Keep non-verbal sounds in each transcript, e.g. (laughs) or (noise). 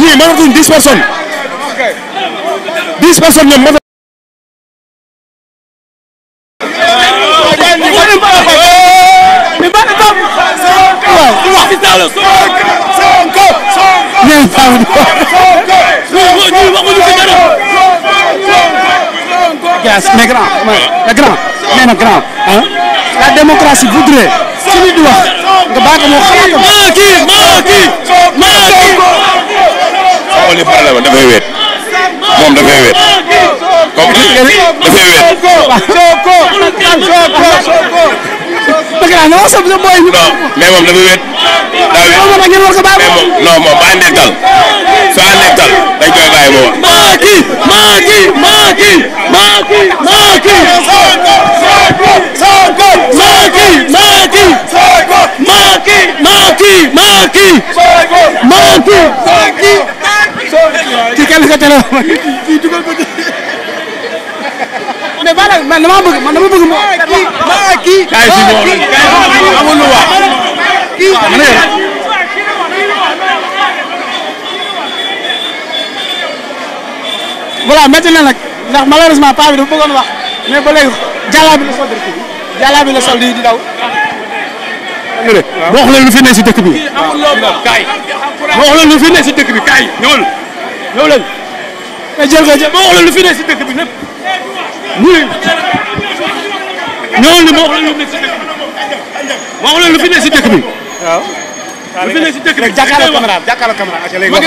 ñii mënatuñ dix personnes dix personnes ñoom mënatuñ. Yes, mais grand, mais grand, mais nag grand, hein? La démocratie voudrait, ci nit di wax nga bàyyi ko moo xalaatam. Maa kii, maa kii, maa kii. xamal ni problème la dafay wéet moom dafay wéet comme gis nga ni dafay wéet. Sonko Sonko Sonko. dëgg la nga wax sa booy. non mais moom dafa wéet. daa wéet moom moom war ko bàyyi. mais moom non moom ba àndeeg tal soo àndeeg tal dañ koy bàyyi moom. Macky Macky Macky Macky Macky. Sonko Sonko Sonko. Macky Macky Sonko. Macky Macky Macky. Sonko Macky. sa téléphone. (laughs) kii dugal ko ci. (laughs) mais Balla man dama bëgg man dama bëgg mu. Ah, kii ah kii. kaay si moom la ah, amul lu wax. Ah, kii voilà métti na nag ndax malheureusement paa bi dafa bëggoon wax mais ba léegi jàllaa bi la sol dëkk bi jàllaa bi la sol di daw. waaw boo xoolee lu fi ne si dëkk bi. amul loo bokk kaay. boo xoolee lu fi ne si dëkk bi kaay ñëwal ñëw leen. nga jël nga jël ma wax la lu fi nekk si dëkk bi lépp muy ñooñu li ma wax la lu nekk si dëkk bi ma wax la lu fi nekk si dëkk bi waaw. lu fi nekk si dëkk bi jàkkaarloo caméra jàkkaarloo caméra ak léegi wax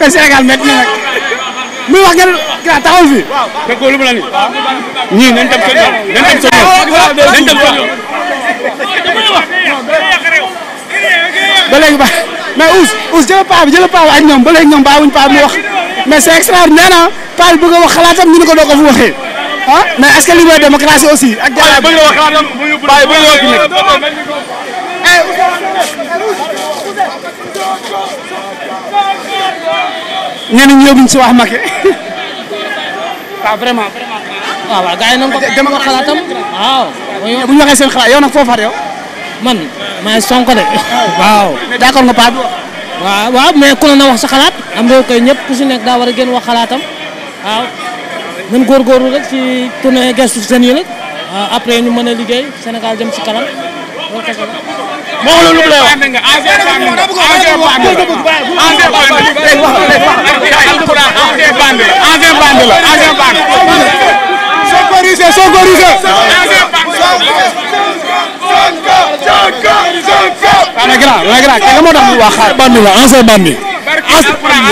ma Sénégal métti na nag muy wax ngeen taxaw fi fekkoo lu mu la ni ñii nañ dem seen yoon nañ dem seen yoon nañ dem seen yoon ba léegi ba mais Ousse Ousse jël paa bi jël paa bi ak ñoom ba léegi ñoom bàyyiwuñ paa bi mu wax mais c'est extraordinaire nee na paa bi bëgg a wax xalaatam ñu ne ko doo ko fu waxee ah mais est-ce que li mooy démocratie aussi ak jàll bëgg a wax xalaatam paa yi bëgg a wax nag eh, ñeneen ñi yóbbuñ si wax Macky waaw (laughs) ah, vraiment vraiment waaw ah, waaw gars yi nañ ko xalaatam waaw bu ñu waxee seen xalaat yow nag foo faat yow man maa sonk de waaw. d'accord nga Pape. waaw waaw mais ku ne na wax sa xalaat am réew koy ñëpp ku si nekk daa war a gën wax xalaatam waaw góor góorgóorlu rek ci tournée gestu seen yi rek après ñu mën a liggéey Sénégal jëm ci kanam loolu kese la. moo xam lu mu lay mais grand mais grand kii nga moo tax ñu wax bandi la ancien bandi.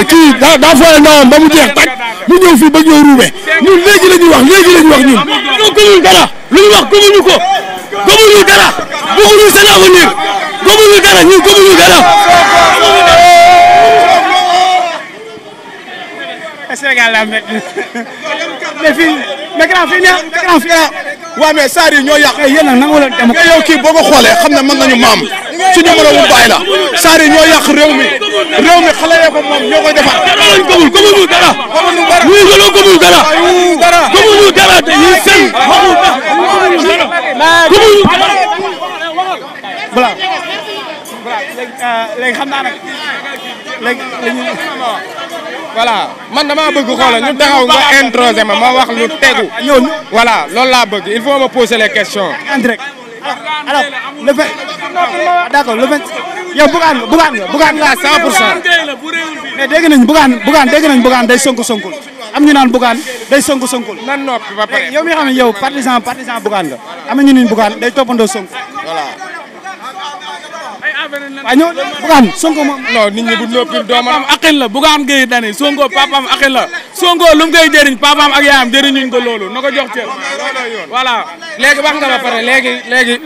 kii daa daa fooyee ndawam ba mu jeex tàkk mu ñëw fii ba la ñuy wax léegi la ñuy wax ñun. ñoo gëmul dara lu ñu wax gëmuñu ko gëmuñu dara bëgguñu seen avenir gëmuñu dara ñun gëmuñu dara. Sénégal laa mel mais fii mais grand fii nee grand fii ah. waaw mais saa yi ñoo yàq. yéen a kii boo ko xoolee xam ne mën nañu maam. suñu numéro wu bàyyi la Sadio ñoo yàq réew mi réew mi xale yee ko moom ñoo koy defar. dara lañ gëmul gëmuñu dara. gëmuñu dara ñuy gëloo gëmuñu dara. gëmuñu dara ñuy seen. gëmuñu dara gëmuñu dara. voilà léegi xam naa nag léegi dañuy voilà man damaa bëgg xoolal ñu taxaw nga introsé ma ma wax lu tegu. ñooñu voilà loolu laa bëgg il faut ma poser les questions. en direct. alors le fait d'accord le fait bugaan nga bugaan nga bugaan nga à 100 pour cent mais dégg nañ bugaan bugaan dégg nañ bugaan day sonk sonkul am ñu naan bugaan day sonk sonkul. yow mi nga xam ne yow partisan partisan bugaan nga am ñu ne bugaan day toppandoo sonk voilà. waaw ñoo Bougane Sonko moom. non nit ñi bu noppil doomam aqin la Bougane Gueye Dany Sonko papaam aqin la Sonko lu mu koy jëriñ papaam ak yaayam jëriñuñ ko loolu na ko jox cër. voilà léegi wax nga ba pare léegi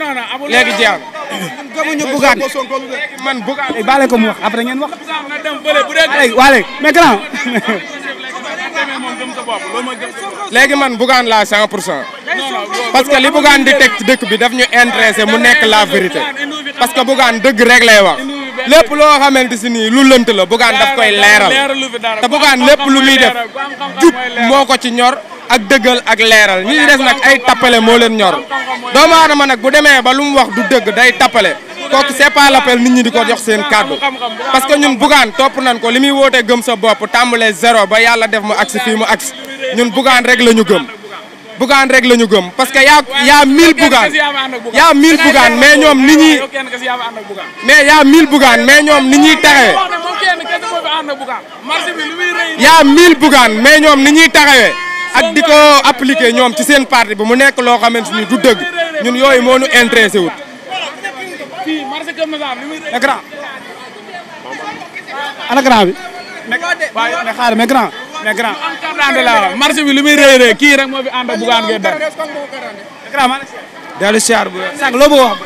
man Bougane. ko mu wax après ngeen wax. bu dee mais grand (laughs) léegi man bugaan la cent pour cent parce que li bugaan di teg dëkk bi daf ñu intéressé mu nekk la vérité parce que bugaan dëgg rek lay wax lépp loo xamante si nii lu lënt la bugaan daf koy leeral te bugaan lépp lu muy def jub moo ko ci ñor ak dëggal ak leeral ñi des nag ay tappale moo leen ñor doomu aadama nag bu demee ba lu mu wax du dëgg day tappale kooku c'est pas ñi di ko jox seen kàddu parce que ñun bugaan topp nañ ko li muy wootee gëm sa bopp tàmbalee zéro ba yàlla def mu agsi fii mu agsi ñun bugaan rek la ñu gëm bugaan rek la ñu gëm parce que ya yaa mille bugaan yaa mille bugaan mais ñoom ni ñuy mais yaa mille bugaan mais ñoom ni ñuy taxawee yaa mille bugaan mais ñoom ni ñuy taxawee di ko appliquer ñoom ci seen parti bi mu nekk loo xamante ni du dëgg ñun yooyu moo ñu intéressé wut mais grand. ana grand bi. waaye mais xaaral mais grand. mais bi li mu rëy rëy kii rek moo fi ànd ak bugaan ngay def. dellu siyaar bu sànq loo wax.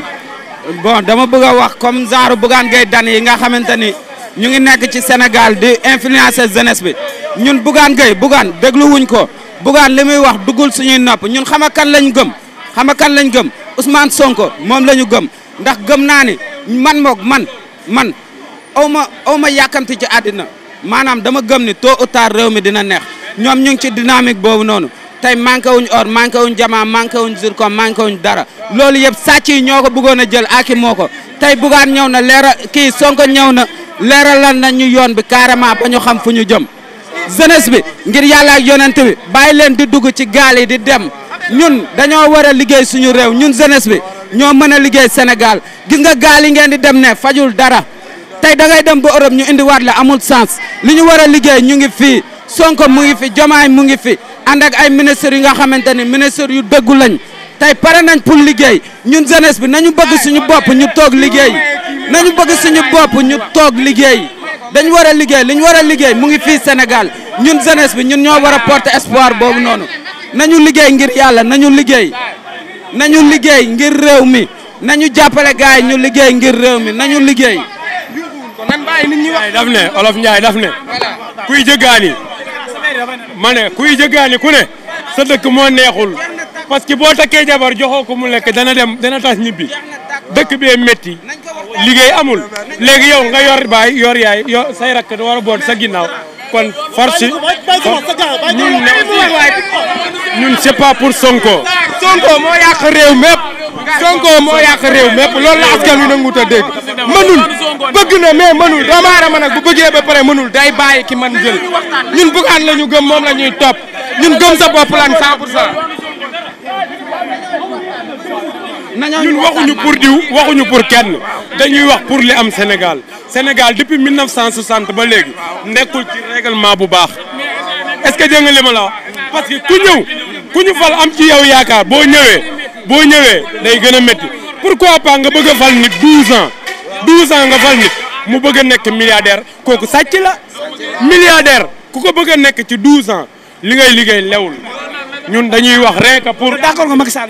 bon dama bëgg a wax comme genre bugaan gay dan yi nga xamante ni ñu ngi nekk ci Sénégal di influencer jeunesse bi ñun bugaan gay bugaan dégluwuñ ko bugaan li muy wax duggul suñuy nopp ñun xama kan lañ gëm xama kan lañ gëm Ousmane Sonko moom la gëm ndax gëm naa ni man moog man man aw ma aw ma yàkkamti ci àddina maanaam dama gëm ni tôt ou tard réew mi dina neex ñoom ñu ngi ci dynamique boobu noonu tey manqué wuñ or manqué wuñ jamaa manqué wuñ zircon manqué wuñ dara loolu yëpp sàcc yi ñoo ko bëggoon a jël aki moo ko tey bugaan ñëw na leera kii Sonko ñëw na leeralal na ñu yoon bi carrément ba ñu xam fu ñu jëm jeunesse bi ngir yàlla ak yonent bi bàyyi leen di dugg ci gaal yi di dem ñun dañoo war a liggéey suñu réew ñun jeunesse bi ñoo mën a liggéey Sénégal gi nga gaal yi ngeen di dem ne fajul dara tey da ngay dem ba Europe ñu indiwaat la amul sens li ñu war a liggéey ñu ngi fii Sonko mu ngi fi Jomaay mu ngi fi ànd ak ay ministres yu nga xamante ni ministres yu dëggu lañ tey pare nañ pour liggéey ñun jeunesse bi nañu bëgg suñu bopp ñu toog liggéey nañu bëgg suñu bopp ñu toog liggéey dañu war a liggéey li ñu war a liggéey mu ngi fii Sénégal ñun jeunesse bi ñun ñoo war a porter espoir boobu noonu nañu liggéey ngir yàlla nañu liggéey nañu liggéey ngir réew mi nañu jàppale gars yi ñu liggéey ngir réew mi nañu liggéey. kon nan bàyyi daf ne olof Ndiaye daf ne. kuy jëggaani. ma ne kuy jëggaani ku ne. sa dëkk moo neexul. parce que boo takkee jabar joxoo ko mu lekk dana dem dana tas ñibbi. dëkk bee métti. liggéey amul. léegi yow nga yor baay yor yay yor say rakk war a boot sa ginnaaw. kon force ñun ñun c'est pas pour Sonko. Sonko moo yàq réew mépp Sonko moo yàq réew mépp loolu la askan wi nangut a dégg mënul bëgg na mais mënul doomu aadama nag bu bëggee ba pare mënul day bàyyi ki man jël ñun bugaan la ñu gëm moom la ñuy topp ñun gëm sa bopp lan 100 pour ñun waxuñu pour diw waxuñu pour kenn dañuy wax pour li am Sénégal Sénégal depuis 1960 ba léegi nekkul ci règlement bu baax est-ce que dégg nga li parce que ku ñëw ku ñu fal am ci yow yaakaar boo ñëwee boo ñëwee day gën a pour quoi pas nga bëgg a fal nit 12 ans 12 nga fal nit mu bëgg nekk nekk milliardaire kooku sàcc la milliardaire ku ko bëgg a nekk ci 12 ans li ngay liggéey lewul ñun dañuy wax rek pour d'accord nga Macky Sall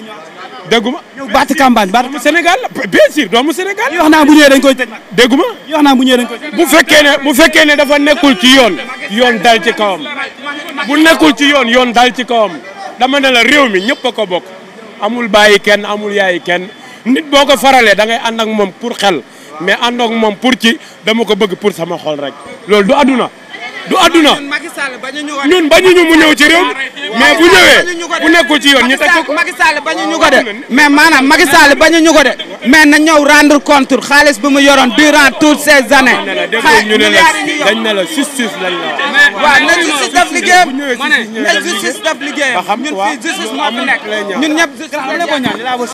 dégguma baatu campagne baatu Sénégal la bien sûr doomu Sénégal. yoo xam naa bu koy teg nag dégguma. yoo xam naa bu dafa nekkul ci yoon yoon dal ci kawam bu ci yoon yoon dal ci kawam dama ne la réew mi ñëpp a ko bokk amul bàyyi kenn amul yaayi kenn nit boo ko faralee da ngay ànd ak moom pour xel mais ànd ak moom pour ci dama ko bëgg pour sama xol rek loolu du àdduna du àdduna ñun bañuñu mu ñëw ci réew mais bu ñëwee bu nekkul ci yoon ñu teg ko Macky Sall bañuñu ko de mais maanaam Macky Sall bañuñu ko de mais na ñëw rendre compte xaalis bi mu yoroon durant toutes ces années. xaalis ñun fii justice moo fi nekk ñun